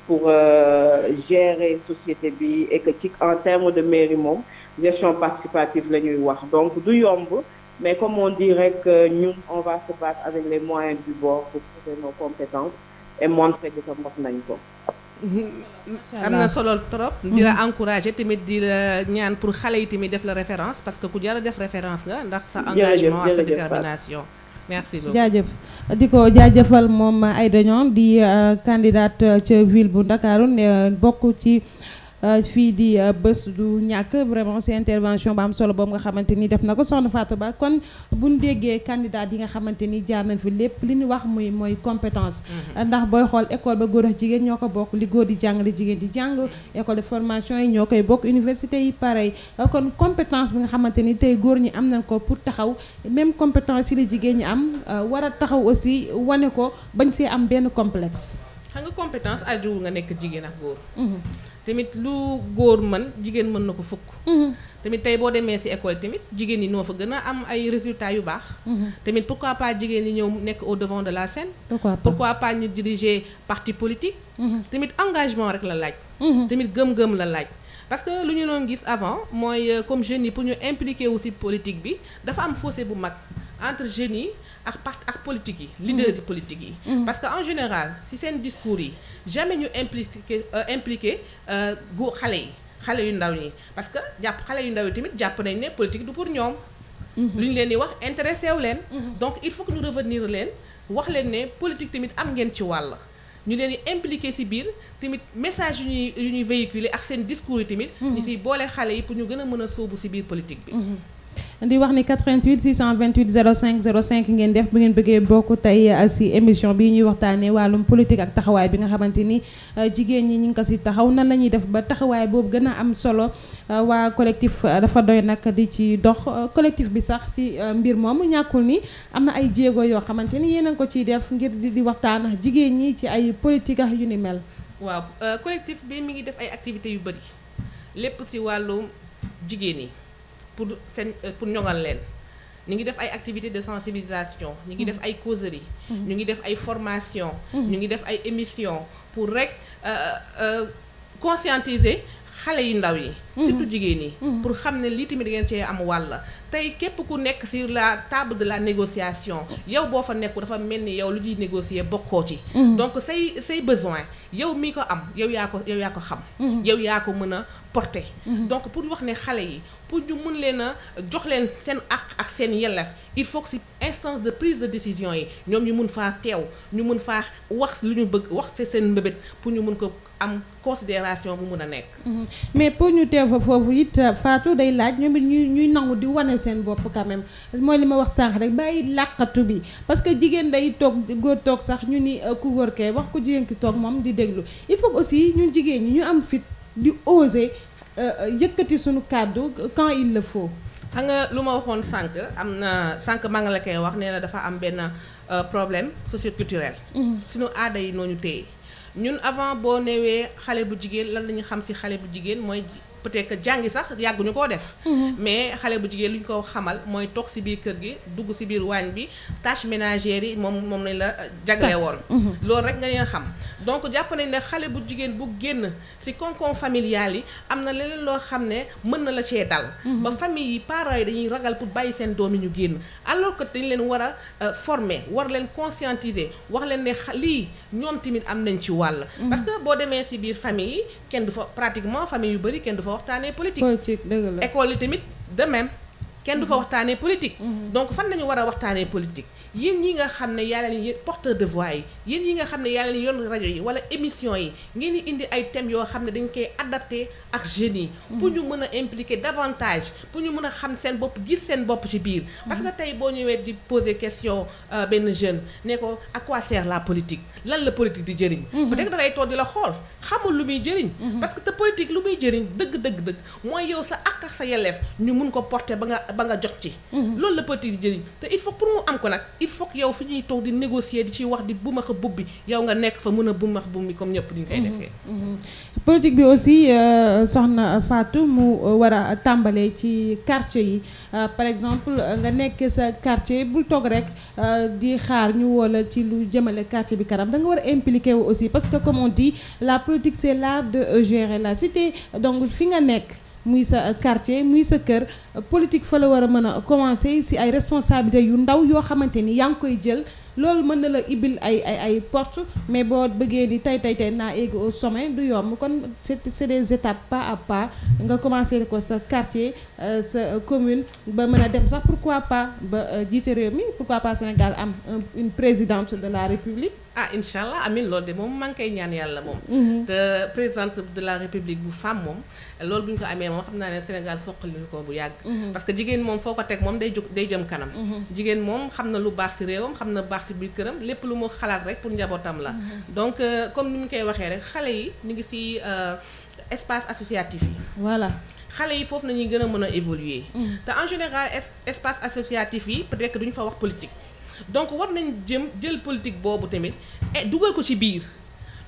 pour euh, gérer société bi et que ci en termes de mairie moom gestion participative la ñuy wax donc du yomb mais comme on dit rek ñun on va se battre avec les moyens du bord pour prouver nos compétences et montrer que sa mboq nañ ko am na solo trop di la mhm. encourager tamit di la ñaan pour xale yi tamit def la référence parce que ku jar a def référence nga ndax sa engagement ak sa détermination merci beaucoup jaajëf di ko jaajëfal moom Aïda Niang di euh, candidate euh, ca ville bu Ndakaaru ne euh, bokk ci Euh, fii di euh, bés du ñàkk vraiment c'est intervention ba am solo boobu nga xamante ni def na ko soxna Fatou Ba kon buñ déggee candidat yi nga xamante ni jaar nañ fi lépp li ñu wax muy mooy compétence mm-hmm. ndax booy xool école ba góor ak jigéen ñoo ko bokk li góor di jàng li jigéen di jàng mm-hmm. école de formation yi ñoo koy bokk université yi pareil euh, kon compétence bi nga xamante ni tey góor ñi am nañ ko pour taxaw même compétence yi la jigéen ñi am war a taxaw aussi wane ko bañ see am benn complexe xam nga compétence ajuwul nga nekk jigéen ak góor mm-hmm. tamit lu góor mën jigéen mën na ko fukk mhm. tamit tey boo demee ci école tamit jigéen ñi noo fa gën a am ay résultat yu baax mhm. tamit pourquoi pas jigéen ñi ñëw nekk au devant de la scène pourquoi, pourquoi pas ñu diriger parti politique mhm. tamit engagement rek la laaj tamit gëm-gëm la laaj parce que lu ñu doon gis avant mooy euh, comme jeunes yi pour ñu impliquer aussi politique bi dafa am fossé bu mag entre jeunes yi ak part ak politique yi leader di politique yi mm. parce que en général si seen discours yi jamais ñu impliqué euh, impliqué euh, gu xale yi xale yu ndaw yi parce que jàpp xale yu ndaw yi tamit jàpp nañ ne politique du pour ñoom mm-hmm. lu ñu leen di wax intéressé wu leen mm-hmm. donc il faut que ñu revenir leen wax leen ne politique tamit am ngeen ci wàll ñu leen di impliqué ci biir tamit message yu ñuy yu ñuy véhiculer ak seen discours yi tamit mm-hmm. ñu ciy boole xale yi pour ñu gën a mën a sóobu ci biir politique bi di wax ni 88 628 05 05 ngeen def bu ngeen bëggee bokk tey euh, si émission bi ñuy waxtaanee wàllum politique ak taxawaay bi nga xamante ni euh, jigéen ñi ñu ngi ko si taxaw na la def ba taxawaay boobu gën a am solo euh, waa collectif dafa doy nag di ci dox collectif bi sax si mbir moomu ñàkkul ni am na ay jéego yoo xamante ni yéen a ngi ko ciy def ngir di waxtaan ak jigéen ñi ci ay politique ak yu ni mel. waaw collectif bi mi ngi def ay activités yu bëri lépp ci wàllum jigéen yi pour seen euh, pour ñoŋal leen ñu ngi def ay activité de sensibilisation ñu ngi def mm-hmm. ay causeries mm-hmm. ñu ngi def ay formation mm-hmm. ñu ngi def ay émission pour rek euh, euh, conscientiser xale yu ndaw yi mhm. surtout jigéen yi mhm. pour xam ne lii tamit ngeen cee am wàll tey képp ku nekk sur la table de la négociation yow boo fa nekku dafa mel ni yow lu ñuy négocier bokkoo ci mhm. donc say say besoin yow mi ko am yow yaa ko yow yaa ko xam yow yaa ko mën a porter donc pour wax ne xale yi pour ñu mun leen a jox leen seen àq ak seen yelleef il faut que si instance de prise de décision yi ñoom ñu mun faa teew ñu mun faa wax lu ñu bëgg wax seen mbébét pour ñu mun ko am considération bu mun a nekk. Mhm. mais pour ñu teew fa foofu it Fatou day laaj ñoom bi ñuy ñuy nangu di wane seen bopp quand mooy li ma wax sànq rek bàyyi làqatu bi parce que jigéen day toog góor toog sax ñu ni euh, ku góor kee wax ko jigéen ki toog moom di déglu il faut aussi ñun jigéen ñi ñu am fit di oser euh, euh, yëkkati suñu kàddu quand il la faut. xam nga lu ma waxoon sànq am na sànq maa ngi la koy wax nee na dafa am benn problème socioculturel. Mhm. suñu aada yi noo ñu ñun avant boo newee xale bu jigéen lan la ñu xam ci xale bu jigéen mooy peut-être jàngi sax yàgguñu koo def mm-hmm. mais xale bu jigéen lu ñu ko xamal mooy toog si biir kër gi dugg si biir waañ bi tâches ménagères yi moom moom lañ la euh, jagle woon mm-hmm. loolu rek nga leen xam donc jàpp nañ ne bu jigéen bu génn si konkon familial yi am na loo xam ne mën na la cee dal mm-hmm. ba famille yi parents yi dañuy ragal pour bàyyi seen doom yi ñu génn alors que dañ leen war a euh, former war leen conscientiser wax leen ne lii ñoom tamit am nañ ci wàll parce que boo demee si biir famille yi kenn du fa pratiquement waxtaanee politique. politique dëgg tamit de même. kenn du fa mhm. waxtaanee politique mhm. donc fan nañu war a waxtaanee politique yéen ñi nga xam ne yàlla ni porteur de voix yi yéen ñi nga xam ne yàlla ni yoon rajo yi wala émission yi ngeen di indi ay thèmes yoo xam ne dañ koy adapté ak jeunes yi mhm. pour ñu mën a impliquer davantage pour ñu mën a xam seen bopp gis seen bopp ci biir parce que tey boo ñëwee di poser question euh, benn jeune ne ko à quoi la politique lan la politique di jëriñ peut-être dafay toog di la xool xamul lu muy jëriñ parce que te politique lu muy jëriñ dëgg dëgg dëgg mooy yow sa ak sa yelleef ba nga jot ci mhm. loolu la peut-être di jëriñ te il faut pour mu am ko nag il faut yow fi ñuy toog di négocier di ci wax di bumax a bubbi yow nga nekk fa mun a bumax bubbi comme ñëpp duñ koy mhm. defee mhm. politique bi aussi euh, soxna Fatou mu war a tàmbalee ci quartier yi euh, par exemple nga nekk sa quartier bul toog rek euh, di xaar ñu woo wala ci lu jëmale quartier bi kanam da war a impliqué wu aussi parce que comme on la politique c'est l'art de gérer la cité donc fi nga nekk muy sa quartier muy sa kër politique fa la war a mën a commencer si ay responsabilités yu ndaw yoo xamante ni yaa nga koy jël loolu mën na la ibbil ay ay ay porte mais boo bëggee ni tey tey tey naa egg au sommet du yomb kon c'est c'est des étapes pas à pas nga commencé ko sa quartier euh, sa euh, commune ba mën a dem sax pourquoi pas ba euh, jiite réew mi pourquoi pas Sénégal am une présidente de la République ah incha allah amin loolu de moom maa ngi koy ñaan yàlla moom mm-hmm. te présidente de la république bu femme moom loolu bu ñu ko amee moom xam naa ne Sénégal soqali ko bu yàgg mm-hmm. parce que jigéen moom foo ko teg moom day jóg day jëm ci biir këram lépp lu mu xalaat rek pour njabootam la mm-hmm. donc euh, comme ni mu koy waxee rek xale yi ñu ngi si euh, espace associatif yi voilà xale yi foofu nañuy gën a mën a évoluer mm-hmm. te en général espace associative yi peut-être duñu fa wax politique donc war nañ jëm jël politique boobu tamit eh, dugal ko ci biir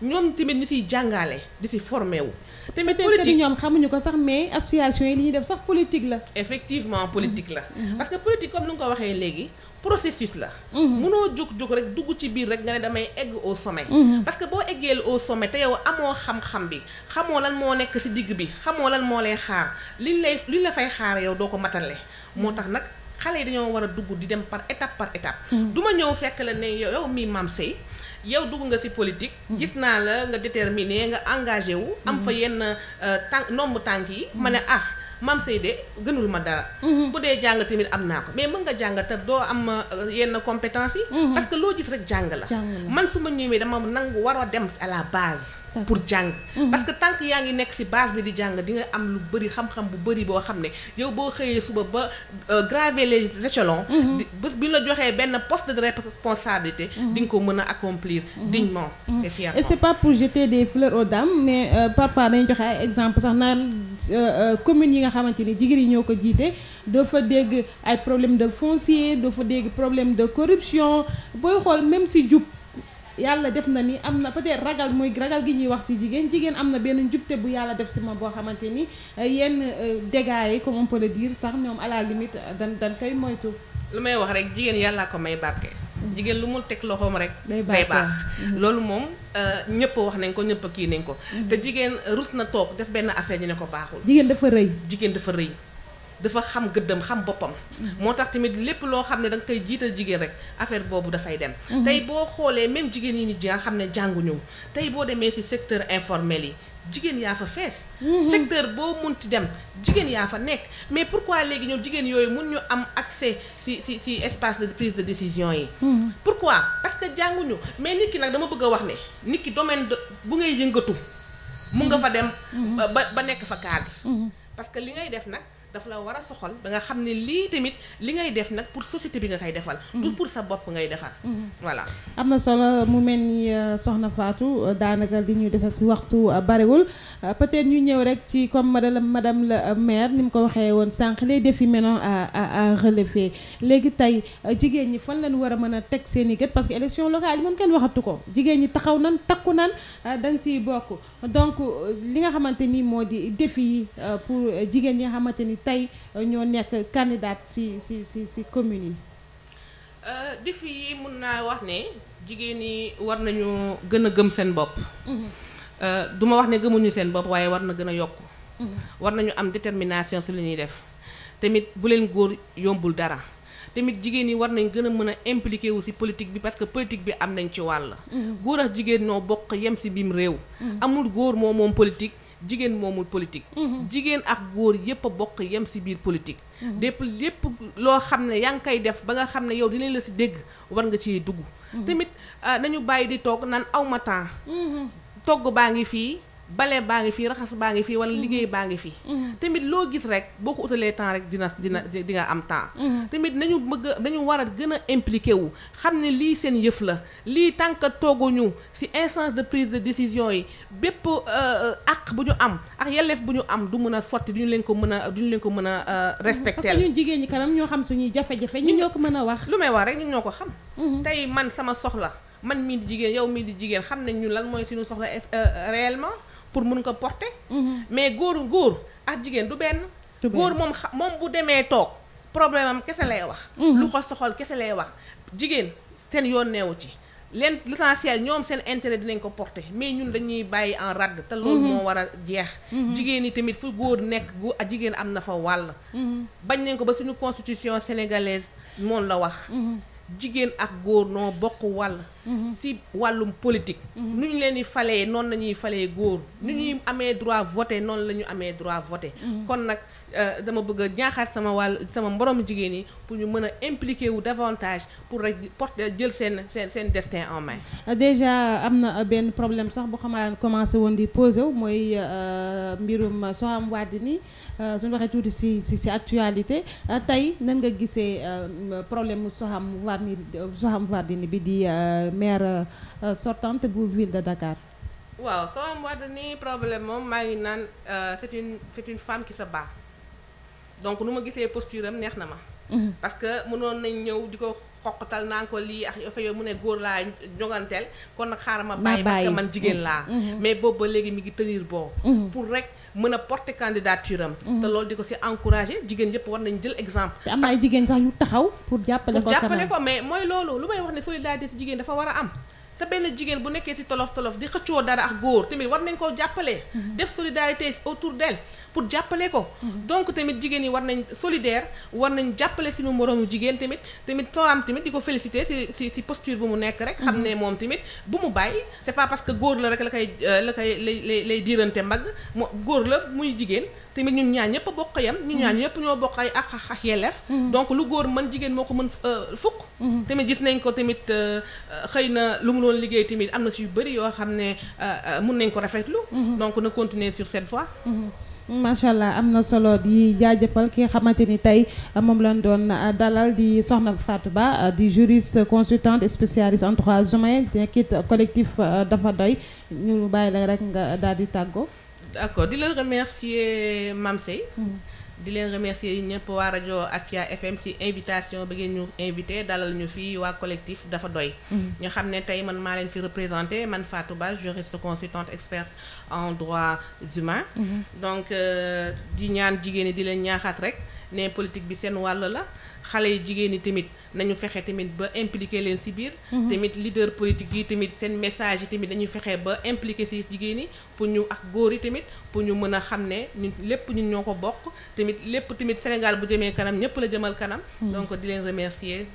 ñoom tamit ñu siy jàngaale di si formé wu tamit politique ñoom xamuñu ko sax mais association yi li ñuy def sax politique la effectivement politique la mm-hmm. parce que politique comme ni nga ko waxee léegi processus la mënoo mhm. jug-jug rek dugg ci biir rek nga ne damay egg au sommet mhm. parce que boo eggee eggeel au sommet te yow amoo xam-xam bi xamoo lan moo nekk ci digg bi xamoo lan moo lay xaar liñ lay liñ la fay xaar yow doo ko matale moo tax nag xale yi dañoo war a dugg di dem par étape par étape mhm. duma ñëw fekk la ne yow mii Mame Seye yow dugg nga ci politique gis naa la nga déterminé nga engagé wu am fa yenn euh, tànk nomb tànk yi ma ne ah mam Seydé gënul ma dara mhm. bu dee jàng tamit am naa ko mais mën nga jàng te doo am euh, yenn compétence yi mhm. parce que loo gis rek jàng la man su ma ñëwee dama nangu war a dem à la base pour jàng mhm. parce que tant yaa ngi nekk ci base bi di jàng di am lu bëri xam-xam bu bëri boo xam ne yow boo xëyee suba ba euh, graver les échelons mhm. bés bi la joxee benn poste de responsabilité mhm. di nga ko mën a accomplir dignement et fièrement et c'est pas pour jeter des fleurs au dames mais euh, parfois dañu joxe ay exemple sax naan euh, communes yi nga xamante ni jigéen yi ñoo ko jiite doo fa dégg ay problème de foncier doo fa dégg problème de corruption booy xool même si jub yàlla def na ni am na peut-être ragal mooy ragal gi ñuy wax si jigéen jigéen am na benn njubte bu yàlla def si ma boo xamante ni euh, yenn euh, dégâts yi comme on peut le sax ñoom à la dan euh, dan koy moytu. lu may wax rek jigéen yàllaa ko may barke. Mm-hmm. jigéen lu mu teg loxoom rek. day baax mm-hmm. loolu moom ñëpp wax nañ ko ñëpp kii nañ ko. Mm-hmm. te jigéen rus na toog def benn affaire ñu ne ko baaxul. jigéen dafa rëy. jigéen dafa rëy. dafa xam gëddam xam boppam moo tax tamit lépp loo xam ne da nga koy jiital jigéen rek affaire boobu dafay dem mhm. tey boo xoolee même jigéen yi ni ji nga xam ne jànguñu tey boo demee ci secteur informel yi jigéen yaa fa fees mhm. secteur boo munti dem jigéen yaa fa nekk mais pourquoi léegi ñoom jigéen yooyu mun ñu am accès ci ci ci espace de prise de décision yi mhm. pourquoi parce que jànguñu mais nit ki nag dama bëgg a wax ne nit ki domaine bu ngay yëngatu mun nga fa dem ba ba nekk fa cadre parce que li ngay def nag dafa la war a soxal ba nga xam ne lii tamit li ngay def nag pour société bi nga koy defal du mm-hmm. pour sa bopp ngay defal mm-hmm. voilà am na solo mu mel ni euh, soxna Fatou euh, daanaka li ñu desal si waxtu euh, bariwul peut-être ñu ñëw rek ci comme madame madame la maire ni mu ko waxee woon sànq les défis maintenant à à relever léegi tey jigéen ñi fan lañ war a mën a teg seen i parce que élection locale yi moom kenn waxatu ko jigéen ñi taxaw nan takku nan dañ si bokk donc li nga xamante ni moo di défi yi pour jigéen ñi nga xamante ni tey ñoo nekk candidate ci ci ci ci commune yi. Euh, défi yi mun naa wax ne jigéen yi war nañu gën a gëm seen bopp. Mhm. Euh, du ma wax ne gëmuñu seen bopp waaye war na gën a yokk. Mhm. war nañu am détermination si li ñuy def tamit bu leen góor yombul dara. tamit jigéen ñi war nañ gën a mën a impliqué wu ci politique bi parce que politique bi am nañ ci wàll. Mhm. góor ak jigéen ñoo bokk yem ci biim réew. amul góor moo moom politique. jigéen moomul politique mhm. jigéen ak góor yépp a bokk yem si biir politique mhm. dépp lépp loo xam ne yaa ngi koy def ba nga xam ne yow dinañ la ci dégg war nga ciy dugg mhm. tamit ah, nañu bàyyi di toog naan awma temps togg baa ngi fii bale baa ngi fii raxas baa ngi fii wala mm-hmm. liggéey baa ngi fii mm-hmm. tamit loo gis rek boo ko utalee temps rek dina dina mm-hmm. di am temps tamit nañu bëgg dañu war a gën a impliqué wu xam ne lii seen yëf la lii tànka tooguñu ci instance de prise de décision yi bépp euh, euh, àq bu ñu am ak yelleef bu ñu am du mën a sotti du leen ko mën a du leen ko mën a euh, respecté parce que jigéen ñi kanam ñoo xam suñuy jafe-jafe ñun ñoo ko mën a wax lu may wax rek ñun ñoo ko xam tey man sama soxla man mii di jigéen yow mii di jigéen xam nañ ñun lan mooy suñu soxla réellement pour mun ko porté mhm. mais góor góor ak jigéen du benn. góor moom xa moom bu demee toog problème am kese lay wax. Mhm. lu ko soxal kese lay wax jigéen seen yoon neewu ci. leen l'essentiel ñoom seen intérêt dinañ ko porter mais ñun dañuy bàyyi en rade te loolu mhm. moo war a jeex jigéen ñi tamit fu góor nekk gu ak jigéen am na fa wàll bañ nañ ko ba suñu constitution sénégalaise moom la wax jigéen ak góor noo bokk wàll si mhm. wàllum politique mhm. nu ñu leen di falee noonu la ñuy falee góor ni mhm. ñuy amee droit voté noonu la ñu amee droit voté kon nag Euh, dama bëgg a ñaaxaat sama wàll sama mborom jigéen yi pour ñu mën a impliqué wu davantage pour rek porter jël seen seen seen destin en main. déjà am na benn problème sax bu xamaa commencé woon di posé wu mooy euh, mbirum Soham Wardini euh, suñu waxee tuuti si si si actualité tey nan nga gisee problème mu Soham Wardini Soham Wardini bi di maire sortante bu ville de Dakar. waaw Soham Wardini problème moom maa ngi naan c'est une c'est une femme qui donc nu ma gisee posture am neex na ma. Mhm. parce que mënoon nañ ñëw di ko xoqatal naa ko lii ak yoo fa yoo mu ne góor laa jonganteel kon nag xaaral ma bàyyi parce que man jigéen laa. Mhm. Mhm. mais boobu léegi mi ngi tenir boo pour rek mën a porter candidature am. te loolu di ko si encouragé jigéen yëpp war nañ jël exemple. te am na ay jigéen sax yu taxaw pour jàppale ko. jàppale ko mais mooy loolu lu may wax ne solidarité si jigéen dafa war a am. sa benn jigéen bu si tolof tolof di xëccoo dara ak góor tamit war nañ koo jàppale. def solidarité autour d'elle pour jàppale ko donc tamit jigéen yi war nañ solidaire war nañ jàppale suñu moroomu jigéen tamit tamit soo am tamit di ko félicité si ci ci posture bu mu nekk rek xam ne moom tamit bu mu bàyyi c'est pas parce que góor la rek la koy euh, la koy lay lay diirante mbagg mo góor la muy jigéen tamit ñun ñaar ñëpp a bokk yam ñu ñaar yëpp ñoo bokk ay ak ak yelleef mm-hmm. donc lu góor mën jigéen moo ko mën euh, fukk mm-hmm. tamit gis nañ ko tamit euh, xëy na lu mu doon liggéey tamit am na si yu bëri yoo xam ne mun nañ ko rafetlu mm-hmm. donc na continuer macha allah am na solo di jaajëfal ki nga xamante ni tey moom lañ doon ah, dalal di soxna Fatou Ba ah, di juriste consultante spécialiste en droit humain nekkit collectif ah, dafa doy ñu bàyyi la rek nga daal di tàggoo. d'accord di la remercier Mame di leen remercier yi ñëpp waa rajo Afia FM si invitation bi ngeen ñu invité dalal ñu fii waa collectif dafa doy mm-hmm. ñu xam ne tey man maa leen fi représenté man Fatou Ba juriste consultante experte en droits humains mm-hmm. donc euh, di ñaan jigéen ñi di leen ñaaxaat rek ne politique bi seen wàll la xale yi jigéen ñi tamit nañu fexe tamit ba impliqué leen ci biir mhm. tamit leader politique yi tamit seen message yi tamit dañu fexe ba impliqué ci jigéen ñi pour ñu ak góor yi tamit pour ñu mën a xam ne ñun lépp ñu ñoo ko bokk tamit lépp tamit Sénégal bu jëmee kanam ñëpp la jëmal kanam mhm. donc di leen remercier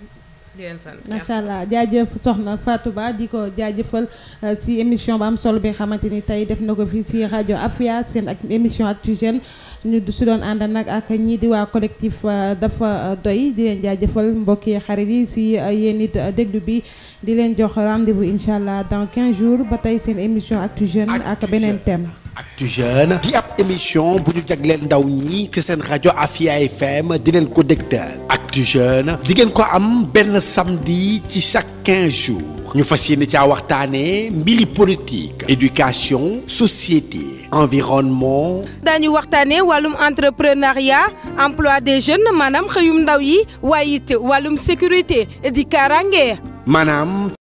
macha allah jaajëf soxna Fatou Ba di ko jaajëfal euh, si émission ba am solo bi xamante ni tey def na ko fii si rajo Afia seen ak émission Actu Jeunes ñu si doon ànd nag ak ñii di waa collectif euh, dafa euh, doy di leen jaajëfal mbokki xarit yi si yéen it déglu bi di leen jox rendez-vous incha allah dans quinze jours ba tey seen émission Actu Jeunes ak beneen thème Actu Jeunes di ab émission bu ñu jagleel ndaw ñi ci seen rajo Afia FM di leen ko dégtal Actu Jeunes di ngeen ko am benn samedi ci chaque quinze jours ñu fas yéene caa waxtaanee mbiri politique éducation société environnement. daañu waxtaanee wàllum entrepreneuriat emploi des jeunes maanaam xëyum ndaw yi waaye it wàllum sécurité di kaaraange maanaam.